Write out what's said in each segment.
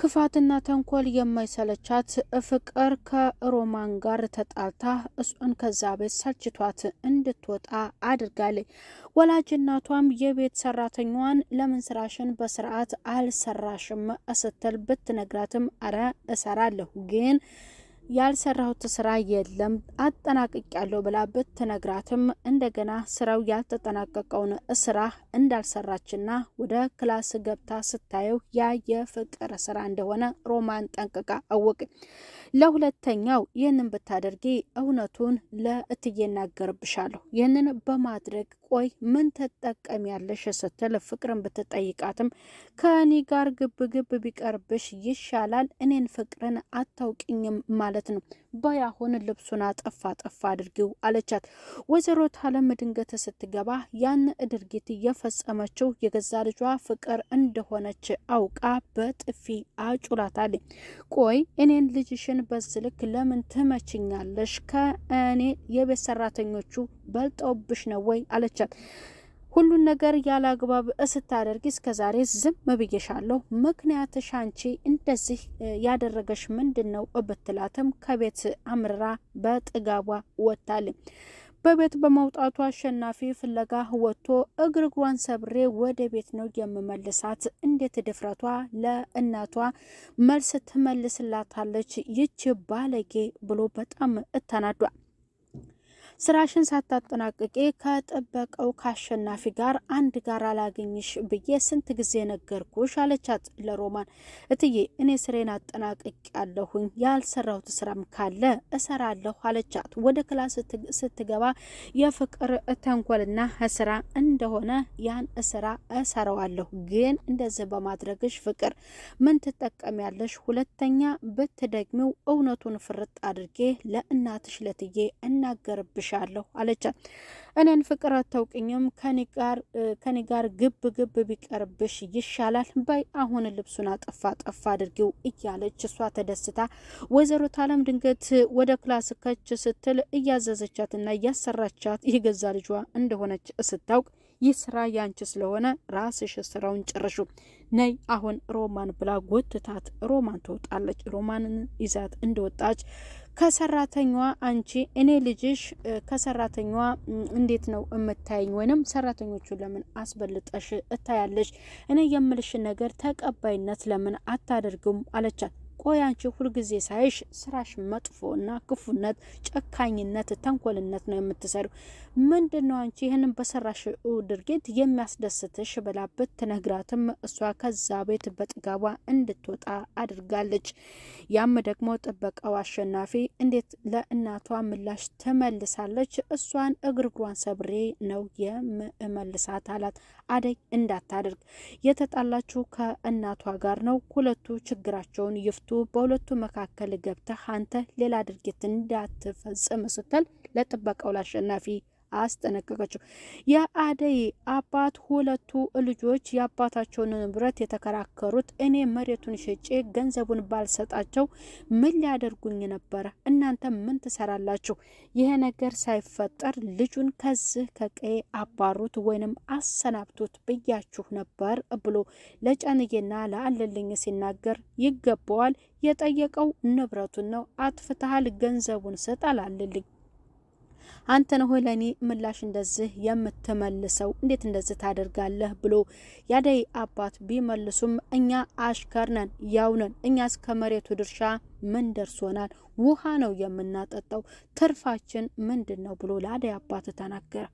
ክፋትና ተንኮል የማይሰለቻት ፍቅር ከሮማን ጋር ተጣልታ እሱን ከዛ ቤት ሰልችቷት እንድትወጣ አድርጋለች። ወላጅ እናቷም የቤት ሰራተኛዋን ለምን ስራሽን በስርዓት አልሰራሽም ስትል ብትነግራትም አረ እሰራለሁ ግን ያልሰራሁት ስራ የለም አጠናቅቅ ያለው ብላ ብትነግራትም እንደገና ስራው ያልተጠናቀቀውን ስራ እንዳልሰራችና ወደ ክላስ ገብታ ስታየው ያ የፍቅር ስራ እንደሆነ ሮማን ጠንቅቃ አወቅ። ለሁለተኛው ይህንን ብታደርጊ እውነቱን ለእትዬ እናገርብሻለሁ፣ ይህንን በማድረግ ቆይ ምን ትጠቀሚያለሽ ስትል ፍቅርን ብትጠይቃትም ከእኔ ጋር ግብ ግብ ቢቀርብሽ ይሻላል፣ እኔን ፍቅርን አታውቅኝም ማለት ማለት ነው። ባያሁን ልብሱን አጠፋ ጠፋ አድርጊው አለቻት። ወይዘሮ ታለም ድንገት ስትገባ ያን ድርጊት የፈጸመችው የገዛ ልጇ ፍቅር እንደሆነች አውቃ በጥፊ አጩላታል። ቆይ እኔን ልጅሽን በዚህ ለምን ትመችኛለሽ? ከእኔ የቤት ሰራተኞቹ በልጠውብሽ ነው ወይ አለቻት። ሁሉን ነገር ያለ አግባብ ስታደርጊ እስከ ዛሬ ዝም ብዬሻለሁ። ምክንያትሽ አንቺ እንደዚህ ያደረገሽ ምንድን ነው ብትላትም ከቤት አምርራ በጥጋቧ ወጥታል። በቤት በመውጣቱ አሸናፊ ፍለጋ ወጥቶ እግር እግሯን ሰብሬ ወደ ቤት ነው የምመልሳት። እንዴት ድፍረቷ! ለእናቷ መልስ ትመልስላታለች ይች ባለጌ ብሎ በጣም እተናዷል። ስራሽን ሳታጠናቅቄ ከጠበቀው ከአሸናፊ ጋር አንድ ጋር አላገኝሽ ብዬ ስንት ጊዜ ነገርኩሽ አለቻት ለሮማን። እትዬ እኔ ስሬን አጠናቅቄ ያለሁኝ ያልሰራሁት ስራም ካለ እሰራለሁ አለቻት። ወደ ክላስ ስትገባ የፍቅር ተንኮልና ስራ እንደሆነ ያን ስራ እሰራዋለሁ፣ ግን እንደዚህ በማድረግሽ ፍቅር ምን ትጠቀሚያለሽ? ሁለተኛ ብትደግሚው እውነቱን ፍርጥ አድርጌ ለእናትሽ ለትዬ እናገርብሽ እልሻለሁ አለቻት። እኔን ፍቅር አታውቅኝም፣ ከኔ ጋር ግብ ግብ ቢቀርብሽ ይሻላል። በይ አሁን ልብሱን አጠፋ ጠፋ አድርጊው እያለች እሷ ተደስታ፣ ወይዘሮ ታለም ድንገት ወደ ክላስ ከች ስትል እያዘዘቻትና እያሰራቻት የገዛ ልጇ እንደሆነች ስታውቅ ይህ ስራ ያንቺ ስለሆነ ራስሽ ስራውን ጨርሹ፣ ነይ አሁን ሮማን ብላ ጎትታት ሮማን ትወጣለች። ሮማንን ይዛት እንደወጣች ከሰራተኛዋ አንቺ እኔ ልጅሽ ከሰራተኛዋ እንዴት ነው እምታይኝ? ወይንም ሰራተኞቹን ለምን አስበልጠሽ እታያለሽ? እኔ የምልሽ ነገር ተቀባይነት ለምን አታደርግም? አለቻት። ቆይ አንቺ ሁልጊዜ ሳይሽ ስራሽ መጥፎ እና ክፉነት፣ ጨካኝነት፣ ተንኮልነት ነው የምትሰሪው። ምንድን ነው አንቺ ይህንን በሰራሽ ድርጊት የሚያስደስትሽ ብላ ብትነግራትም እሷ ከዛ ቤት በጥጋቧ እንድትወጣ አድርጋለች። ያም ደግሞ ጥበቃው አሸናፊ እንዴት ለእናቷ ምላሽ ትመልሳለች? እሷን እግር እግሯን ሰብሬ ነው የምመልሳት አላት። አደይ እንዳታደርግ የተጣላችሁ ከእናቷ ጋር ነው። ሁለቱ ችግራቸውን ይፍቱ በሁለቱ መካከል ገብተህ አንተ ሌላ ድርጊት እንዳትፈጽም ስትል ለጥበቃው ለአሸናፊ አስጠነቀቀችው። የአደይ አባት ሁለቱ ልጆች የአባታቸውን ንብረት የተከራከሩት እኔ መሬቱን ሸጬ ገንዘቡን ባልሰጣቸው ምን ሊያደርጉኝ ነበረ? እናንተ ምን ትሰራላችሁ? ይሄ ነገር ሳይፈጠር ልጁን ከዚህ ከቀዬ አባሩት ወይንም አሰናብቱት ብያችሁ ነበር ብሎ ለጨንዬና ለአለልኝ ሲናገር ይገባዋል የጠየቀው ንብረቱን ነው። አጥፍተሃል፣ ገንዘቡን ስጥ አላልልኝ አንተ ነህ ሆይ ለእኔ ምላሽ እንደዚህ የምትመልሰው? እንዴት እንደዚህ ታደርጋለህ? ብሎ ያደይ አባት ቢመልሱም እኛ አሽከርነን ያውነን እስከ ከመሬቱ ድርሻ ምን ደርሶናል? ውሃ ነው የምናጠጣው፣ ትርፋችን ምንድን ነው ብሎ ለአደይ አባት ተናገረ።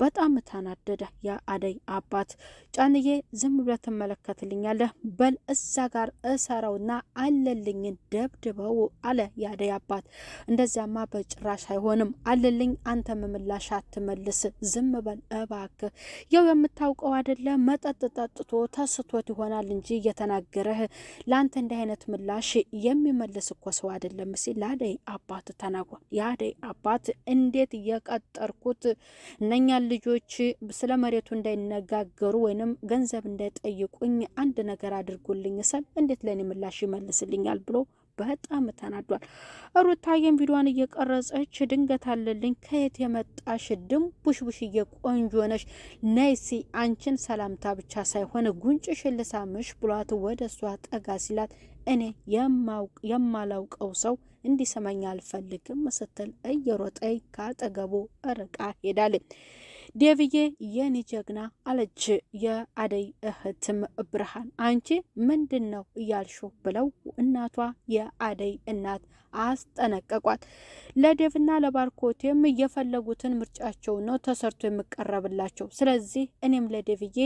በጣም ተናደደ የአደይ አባት። ጫንዬ ዝም ብለህ ትመለከትልኛለህ፣ በል እዛ ጋር እሰረውና አለልኝን ደብድበው አለ የአደይ አባት። እንደዚያማ በጭራሽ አይሆንም አለልኝ፣ አንተ ምምላሽ አትመልስ፣ ዝም በል እባክህ። ያው የምታውቀው አደለ መጠጥ ጠጥቶ ተስቶት ይሆናል እንጂ እየተናገረህ ለአንተ እንዲህ አይነት ምላሽ የሚመልስ እኮ ሰው አይደለም ሲል ለአደይ አባት ተናግሯል። የአደይ አባት እንዴት የቀጠርኩት እነኛን ልጆች ስለ መሬቱ እንዳይነጋገሩ ወይንም ገንዘብ እንዳይጠይቁኝ አንድ ነገር አድርጉልኝ ስል እንዴት ለእኔ ምላሽ ይመልስልኛል ብሎ በጣም ተናዷል። ሩታዬም ቪዲዮዋን እየቀረጸች ድንገት አለልኝ ከየት የመጣሽ ድም ቡሽዬ ቆንጆ ነሽ ነይሲ አንቺን ሰላምታ ብቻ ሳይሆን ጉንጭሽን ልሳምሽ ብሏት ወደ እሷ ጠጋ ሲላት እኔ የማላውቀው ሰው እንዲሰማኝ አልፈልግም ስትል እየሮጠይ ካጠገቡ ርቃ ሄዳለች። ዴቭዬ የኔ ጀግና አለች። የአደይ እህትም ብርሃን አንቺ ምንድን ነው እያልሹ ብለው እናቷ የአደይ እናት አስጠነቀቋት። ለዴቭና ለባርኮቴም የፈለጉትን ምርጫቸው ነው ተሰርቶ የምቀረብላቸው። ስለዚህ እኔም ለዴቭዬ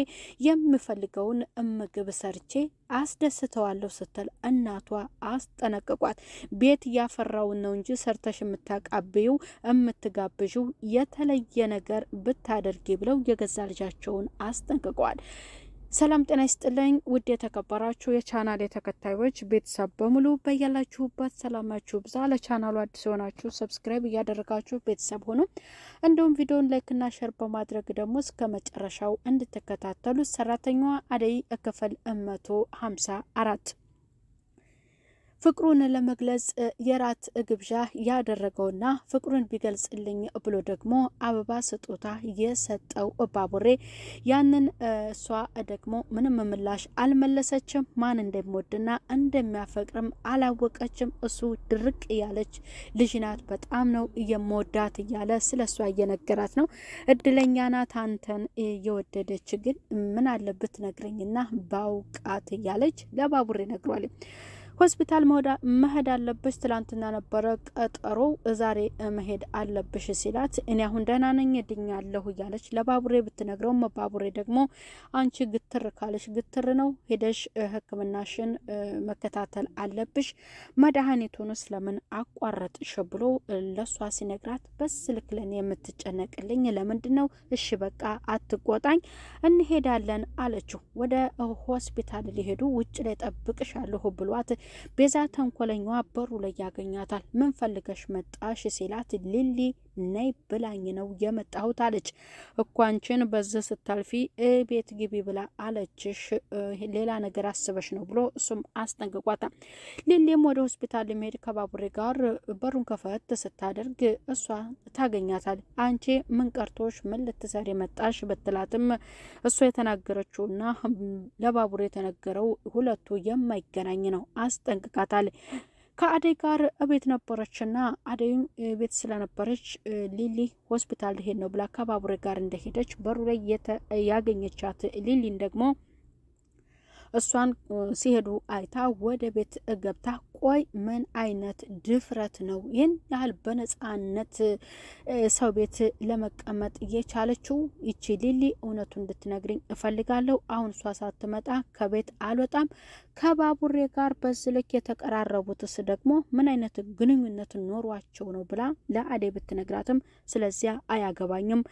የምፈልገውን ምግብ ሰርቼ አስደስተዋለሁ ስትል እናቷ አስጠነቅቋት። ቤት እያፈራውን ነው እንጂ ሰርተሽ የምታቃብዩ የምትጋብዥው የተለየ ነገር ብታደርጊ ብለው የገዛ ልጃቸውን አስጠንቅቀዋል። ሰላም ጤና ይስጥልኝ ውድ የተከበራችሁ የቻናል የተከታዮች ቤተሰብ በሙሉ በያላችሁበት ሰላማችሁ ብዛ። ለቻናሉ አዲስ የሆናችሁ ሰብስክራይብ እያደረጋችሁ ቤተሰብ ሆኑ። እንዲሁም ቪዲዮን ላይክና ሸር በማድረግ ደግሞ እስከ መጨረሻው እንድትከታተሉ ሰራተኛዋ አደይ ክፍል መቶ ሀምሳ አራት ፍቅሩን ለመግለጽ የራት ግብዣ ያደረገውና ፍቅሩን ቢገልጽልኝ ብሎ ደግሞ አበባ ስጦታ የሰጠው ባቡሬ ያንን እሷ ደግሞ ምንም ምላሽ አልመለሰችም። ማን እንደሚወድና እንደሚያፈቅርም አላወቀችም። እሱ ድርቅ እያለች ልጅ ናት፣ በጣም ነው የምወዳት እያለ ስለ እሷ እየነገራት ነው። እድለኛ ናት አንተን የወደደች ግን ምን አለብት ነግረኝና ባውቃት እያለች ለባቡሬ ነግሯል። ሆስፒታል መሄድ አለብሽ፣ ትላንትና ነበረ ቀጠሮ፣ ዛሬ መሄድ አለብሽ ሲላት እኔ አሁን ደህና ነኝ ድኛለሁ እያለች ለባቡሬ ብትነግረው ባቡሬ ደግሞ አንቺ ግትር ካለሽ ግትር ነው፣ ሄደሽ ሕክምናሽን መከታተል አለብሽ፣ መድኃኒቱንስ ለምን አቋረጥሽ ብሎ ለሷ ሲነግራት በስልክ ለን የምትጨነቅልኝ ለምንድን ነው? እሺ በቃ አትቆጣኝ፣ እንሄዳለን አለችው። ወደ ሆስፒታል ሊሄዱ ውጭ ላይ ጠብቅሻለሁ ብሏት ቤዛ ተንኮለኛዋ በሩ ላይ ያገኛታል። ምን ፈልገሽ መጣሽ ሲላት ሊሊ ነይ ብላኝ ነው የመጣሁት አለች። እኳንችን በዚህ ስታልፊ ቤት ግቢ ብላ አለችሽ፣ ሌላ ነገር አስበሽ ነው ብሎ እሱም አስጠንቅቋታል። ሌሌም ወደ ሆስፒታል ለመሄድ ከባቡሬ ጋር በሩን ከፈት ስታደርግ እሷ ታገኛታል። አንቺ ምን ቀርቶሽ ምን ልትሰሪ መጣሽ? ብትላትም እሷ የተናገረችውና ለባቡሬ የተነገረው ሁለቱ የማይገናኝ ነው። አስጠንቅቃታል። ከአደይ ጋር እቤት ነበረችና አደይም ቤት ስለነበረች ሊሊ ሆስፒታል ልሄድ ነው ብላ ከባቡሬ ጋር እንደሄደች በሩ ላይ ያገኘቻት ሊሊን ደግሞ እሷን ሲሄዱ አይታ ወደ ቤት ገብታ ቆይ ምን አይነት ድፍረት ነው ይህን ያህል በነፃነት ሰው ቤት ለመቀመጥ የቻለችው? ይቺ ሊሊ እውነቱ እንድትነግርኝ እፈልጋለሁ። አሁን እሷ ሳትመጣ ከቤት አልወጣም። ከባቡሬ ጋር በዚህ ልክ የተቀራረቡትስ ደግሞ ምን አይነት ግንኙነት ኖሯቸው ነው ብላ ለአዴ ብትነግራትም ስለዚያ አያገባኝም፣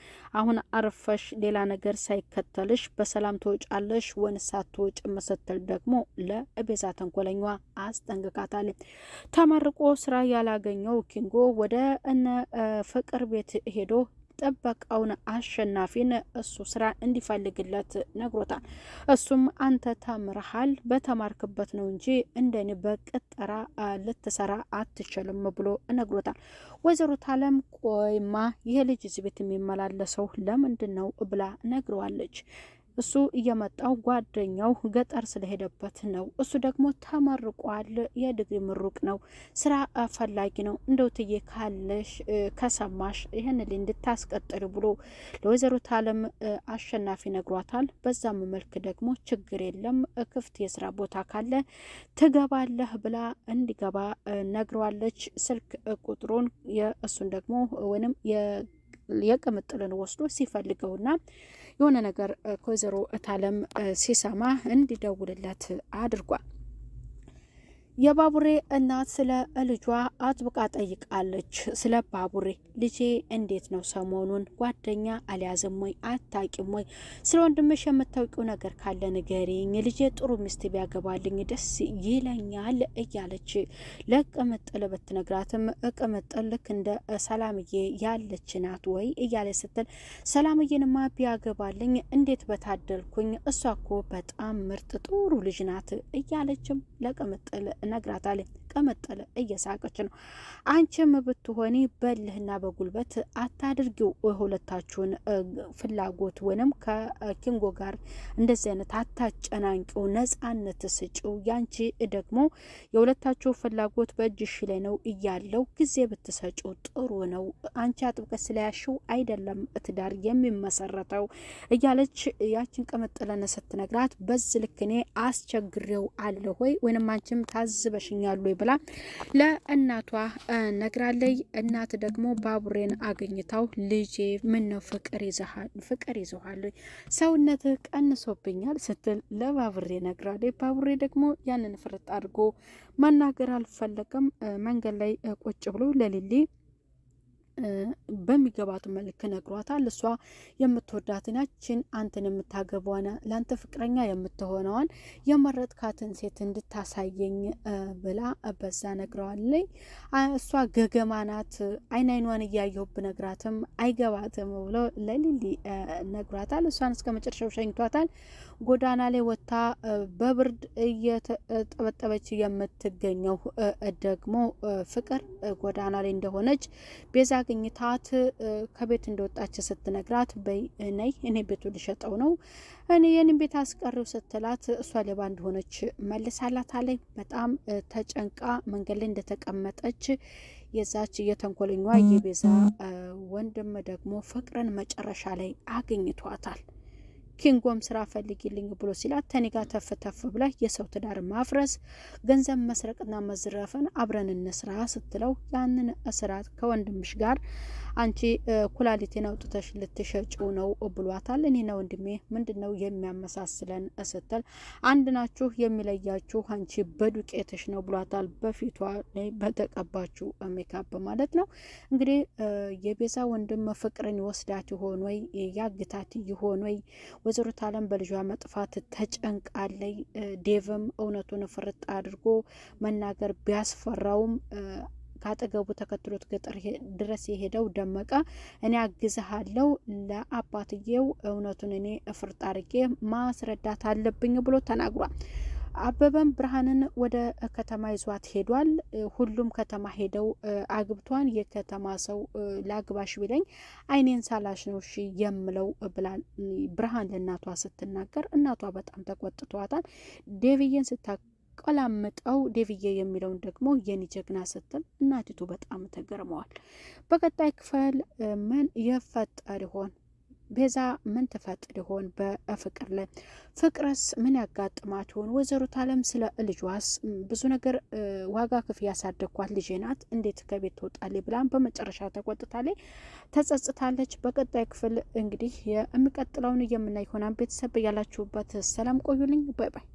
አሁን አርፈሽ ሌላ ነገር ሳይከተልሽ በሰላም ትወጫለሽ ወይንስ አትወጭም ስትል ደግሞ ለእቤዛ ተንኮለኛ አስጠንቅቃታል። ተመርቆ ስራ ያላገኘው ኪንጎ ወደ እነ ፍቅር ቤት ሄዶ ጠበቃውን አሸናፊን እሱ ስራ እንዲፈልግለት ነግሮታል። እሱም አንተ ተምረሃል በተማርክበት ነው እንጂ እንደኔ በቅጠራ ልትሰራ አትችልም ብሎ ነግሮታል። ወይዘሮ ታለም ቆይማ ይህ ልጅ እዚህ ቤት የሚመላለሰው ለምንድን ነው ብላ ነግረዋለች። እሱ እየመጣው ጓደኛው ገጠር ስለሄደበት ነው። እሱ ደግሞ ተመርቋል። የዲግሪ ምሩቅ ነው። ስራ ፈላጊ ነው። እንደው ትዬ ካለሽ ከሰማሽ ይህን ል እንድታስቀጥል ብሎ ለወይዘሮ ታለም አሸናፊ ነግሯታል። በዛም መልክ ደግሞ ችግር የለም ክፍት የስራ ቦታ ካለ ትገባለህ ብላ እንዲገባ ነግረዋለች። ስልክ ቁጥሩን የእሱን ደግሞ ወይንም የቅምጥልን ወስዶ ሲፈልገውና የሆነ ነገር ከወይዘሮ እታለም ሲሰማ እንዲደውልላት አድርጓል። የባቡሬ እናት ስለ ልጇ አጥብቃ ጠይቃለች። ስለ ባቡሬ ልጄ እንዴት ነው ሰሞኑን ጓደኛ አልያዘም ወይ አታቂም ወይ? ስለ ወንድምሽ የምታውቂው ነገር ካለ ንገሪኝ። ልጄ ጥሩ ሚስት ቢያገባልኝ ደስ ይለኛል እያለች ለቅምጥል ብትነግራትም ቅምጥል ልክ እንደ ሰላምዬ ያለች ናት ወይ እያለ ስትል ሰላምዬንማ ቢያገባልኝ እንዴት በታደልኩኝ፣ እሷ እኮ በጣም ምርጥ ጥሩ ልጅ ናት እያለችም ለቅምጥል ነግራታለች። ቅምጥል እየሳቀች ነው። አንቺም ብትሆኒ በልህና በጉልበት አታድርጊው ሁለታችሁን ፍላጎት ወይንም ከኪንጎ ጋር እንደዚህ አይነት አታጨናንቂው፣ ነጻነት ስጪው። ያንቺ ደግሞ የሁለታችሁ ፍላጎት በእጅሽ ላይ ነው እያለው ጊዜ ብትሰጪው ጥሩ ነው። አንቺ አጥብቀሽ ስለያሽው አይደለም ትዳር የሚመሰረተው እያለች ያችን ቅምጥልን ስትነግራት በዚህ ልክ አስቸግሬው አለ ሆይ ወይንም አንቺም ታዝበሽኛሉ ብላ ለእናቷ ነግራለይ። እናት ደግሞ ባቡሬን አግኝታው ልጄ ምነው ፍቅር ፍቅር ይዘሃል ሰውነት ቀንሶብኛል ስትል ለባቡሬ ነግራለይ። ባቡሬ ደግሞ ያንን ፍርጥ አድርጎ መናገር አልፈለገም። መንገድ ላይ ቁጭ ብሎ ለሊሊ በሚገባት መልክ ነግሯታል። እሷ የምትወዳትን ያችን አንተን የምታገቧን ለአንተ ፍቅረኛ የምትሆነዋን የመረጥካትን ሴት እንድታሳየኝ ብላ በዛ ነግረዋለኝ። እሷ ገገማ ናት፣ አይን አይኗን እያየሁ ብነግራትም አይገባትም ብሎ ለሊሊ ነግሯታል። እሷን እስከ መጨረሻው ሸኝቷታል። ጎዳና ላይ ወጥታ በብርድ እየተጠበጠበች የምትገኘው ደግሞ ፍቅር ጎዳና ላይ እንደሆነች ቤዛ አግኝታት ከቤት እንደወጣች ስትነግራት በይ ነይ እኔ ቤቱ ልሸጠው ነው እኔ የኔን ቤት አስቀሪው ስትላት እሷ ሌባ እንደሆነች መልሳላት አለኝ። በጣም ተጨንቃ መንገድ ላይ እንደተቀመጠች የዛች እየተንኮለኛ የቤዛ ወንድም ደግሞ ፍቅርን መጨረሻ ላይ አግኝቷታል። ኪንጎም ስራ ፈልጊልኝ ብሎ ሲላት ተኔ ጋር ተፍ ተፍ ብላ የሰው ትዳር ማፍረስ፣ ገንዘብ መስረቅና መዝረፍን አብረን እንስራ ስትለው ያንን እስራት ከወንድምሽ ጋር አንቺ ኩላሊቴን አውጥተሽ ልትሸጪው ነው ብሏታል። እኔና ወንድሜ ምንድን ነው የሚያመሳስለን ስትል አንድ ናችሁ የሚለያችሁ አንቺ በዱቄትሽ ነው ብሏታል። በፊቷ በተቀባችሁ ሜካፕ ማለት ነው። እንግዲህ የቤዛ ወንድም ፍቅርን ይወስዳት ይሆን ወይ ያግታት ይሆን ወይ? ወይዘሮት ታለም በልጇ መጥፋት ተጨንቃለይ። ዴቭም እውነቱን ፍርጥ አድርጎ መናገር ቢያስፈራውም ከአጠገቡ ተከትሎት ገጠር ድረስ የሄደው ደመቀ እኔ አግዝሃለው ለአባትየው እውነቱን እኔ እፍርጥ አርጌ ማስረዳት አለብኝ ብሎ ተናግሯል። አበበም ብርሃንን ወደ ከተማ ይዟት ሄዷል። ሁሉም ከተማ ሄደው አግብቷን የከተማ ሰው ላግባሽ ቢለኝ አይኔን ሳላሽ ነው እሺ የምለው ብላል ብርሃን ለእናቷ ስትናገር እናቷ በጣም ተቆጥተዋታል። ዴቪዬን ስታ ቀላምጠው ዴቪዬ የሚለውን ደግሞ የኔ ጀግና ስትል እናቲቱ በጣም ተገርመዋል። በቀጣይ ክፍል ምን ይፈጠር ይሆን? ቤዛ ምን ትፈጥር ይሆን? በፍቅር ላይ ፍቅርስ ምን ያጋጥማት ይሆን? ወይዘሮት አለም ስለ ልጇስ ብዙ ነገር ዋጋ ክፍ ያሳደግኳት ልጄ ናት እንዴት ከቤት ትወጣለች ብላም በመጨረሻ ተቆጥታለች፣ ተጸጽታለች። በቀጣይ ክፍል እንግዲህ የሚቀጥለውን የምናይ ቤተሰብ ያላችሁበት ሰላም ቆዩልኝ። ባይ ባይ።